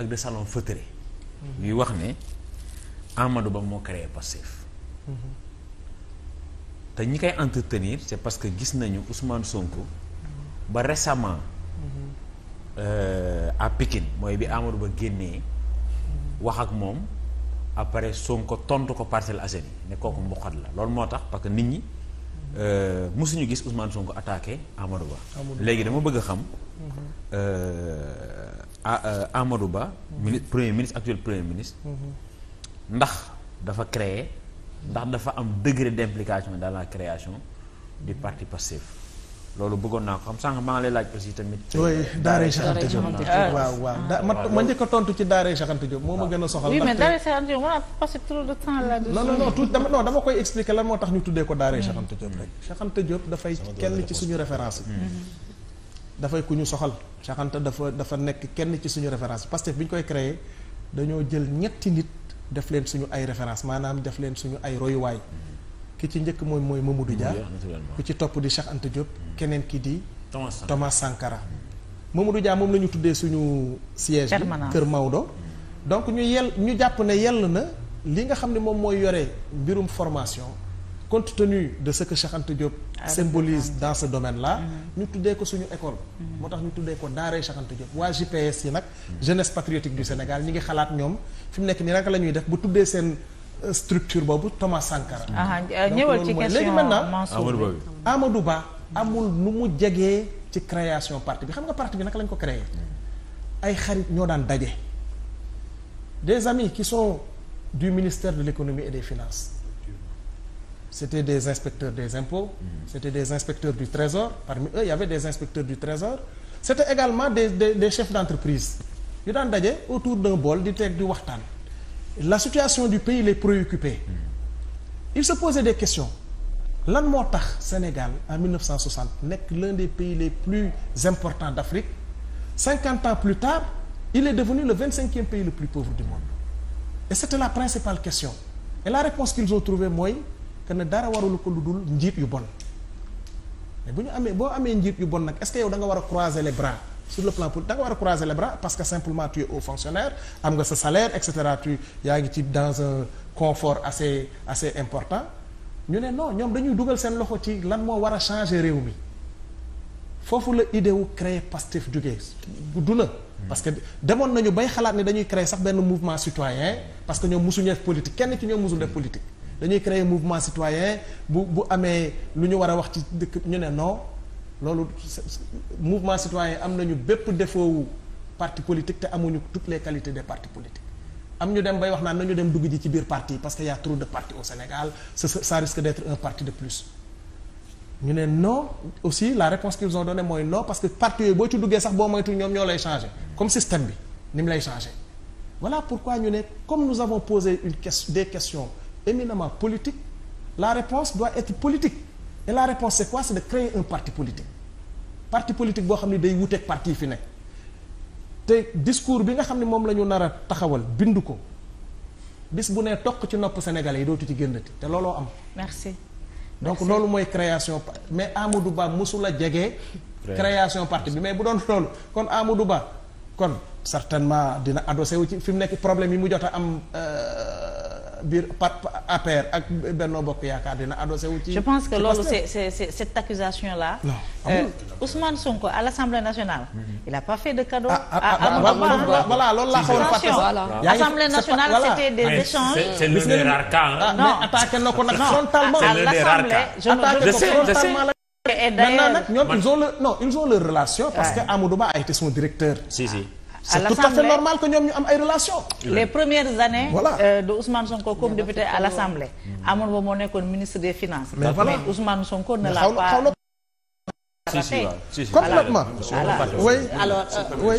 ak de salon feutré ñuy wax ne Amadou Ba moo créé Pastef te ñi koy entretenir c'est parce que gis nañu Ousmane Sonko ba récemment euh, à mooy bi Amadou Ba génnee wax ak moom après Sonko tontu ko Parcelles Assainies ne kooku mboqat la loolu moo tax parce que nit ñi Euh, mosuñu gis Ousmane ko attaqué Amadou Ba. léegi dama bëgg a xam. Mhm. Euh, euh, Amadou Ba. Mhm. ministre premier ministre actuel premier ministre. Mhm. ndax dafa créer ndax dafa am degré d'implication dans la création du parti Pastef. loolu bëggoon naa ko xam sànq maa ngi lay laaj aussi tamit. oui daaree Cheikh Anta Diop waaw waaw ma ma njëkk a tontu ci daaree Cheikh Anta Diop moo ma gën a soxal. oui mais daaree Cheikh Anta Diop on a passé trop de temps là. non non non tout dama non dama koy expliquer lan moo tax ñu tuddee ko daaree Cheikh Anta Diop rek. Cheikh Anta Diop dafay kenn ci suñu référence yi. Mm-hmm. dafay ku ñu soxal. Cheikh Anta dafa dafa nekk kenn ci suñu référence parce que bi ñu koy créer dañoo jël ñetti nit def leen suñu ay référence maanaam def leen suñu ay royuwaay ki ci njëkk mooy mooy Mamadou Dia ku ci topp di Cheikh Anta Diop keneen ki di Thomas Sankara du Dia moom la ñu tuddee suñu siège bi Kër Maodo donc ñu yell ñu jàpp ne yell na li nga xam ne moom mooy yore mbirum formation compte tenu de ce que Cheikh Anta Diop ah, symbolise dans ce domaine là mhm. ñu tuddee ko suñu école mhm. moo tax ñu tuddee ko daaree Cheikh Anta waa JPS yi nag mhm. jeunesse patriotique du Sénégal ñi ngi xalaat ñoom fi mu nekk ni naka la ñuy def bu tuddee seen structure boobu Thomas Sankara. Euh, ñëwal ci question léegi maintenant Amadou Ba amul nu mu jegee ci création parti bi xam nga parti bi naka lañ ko créé ay xarit ñoo daan daje des amis ki sont du ministère de l'économie et des finances c'était des inspecteurs des impôts mm. c'était des inspecteurs du trésor parmi eux il y avait des inspecteurs du trésor c'était également des des, des chefs d'entreprise yu daan daje autour d'un bool di teg di waxtaan la situation du pays les préoccupait il se posait des question lan moo tax Sénégal en 1960 nekk l'un des pays les plus importants d'Afrique cinquante ans plus tard il est devenu le vingt-cinquième pays le plus pauvre du monde et c'était la principale question et la réponse qu'ils ont trouvée mooy que ne dara warul ko lu dul njiit yu bon mais bu ñu amee boo amee njiit yu bon nag est-ce que yow da nga war a croiser les bras sur le plan politique da war a croiser les parce que simplement tu au haut fonctionnaire am nga sa salaire et yaa ngi ci dans un confort assez assez important ñu ne non ñoom dañuy dugal seen loxo ci lan moo war a changer réew mi foofu la idée wu créer Pastef jógee du la parce que demoon nañu bay xalaat ne dañuy créer sax benn mouvement citoyen parce que ñoo mosuñu def politique kenn ci ñoom mosul def politique dañuy créer mouvement citoyen bu bu amee lu ñu war a wax ci dëkk ñu ne non loolu mouvement citoyen am nañu bépp défaut wu parti politique te amuñu toutes les qualités des partis politiques am ñu dem bay wax naa na ñu dem dugg ji ci biir parti parce que y a trop de au Sénégal ça, ça risque d'être parti de plus ñu ne non aussi la réponse qu'ils ont donnée mooy non parce que parti yooyu boo ci duggee sax boo moytu ñoom ñoo lay changer comme système bi ni mu lay changer voilà pourquoi ñu ne comme nous avons posé une question des questions éminemment la réponse doit être politique et la réponse c'est quoi c'est créer un parti politique parti politique boo xam ne day wuteeg parti fi nekk te discours bi nga xam ne moom la ñu nar a taxawal bindu ko bis bu nee toq ci nopp Sénégalais yi dootu ci génnati te looloo am. merci donc loolu mooy création mais Amadou Ba mosul a jege. création parti bi mais bu doon loolu kon Amadou Ba kon certainement dina adossé wu ci fi mu nekk problème yi mu jot a am. Euh, biir par APR ak Benno Bokk Yaakaar dina adossé wu ci. je pense que loolu c'est c'est c'est cette accusation là. non euh, Ousmane à l'Assemblée nationale. Mm-hmm. il a pas fait de cadeau. Ah, ah, ah, à Amadou Assemblée nationale c'était des échanges. c'est c'est l'un non attaqué na ko nag frontalement. c'est l'un des rares cas et d'ailleurs maintenant ils ont le non ils ont leur relation. parce que Amadou Ba a été son directeur. c'est tout à fait normal que ñoom ñu am ay relations. les premières années. Euh, de Ousmane Sonko comme député à l'Assemblée. Hmm. Amadou Ba moo ministre des finances. mais voilà mais Ousmane ne l'a pas. si si alors.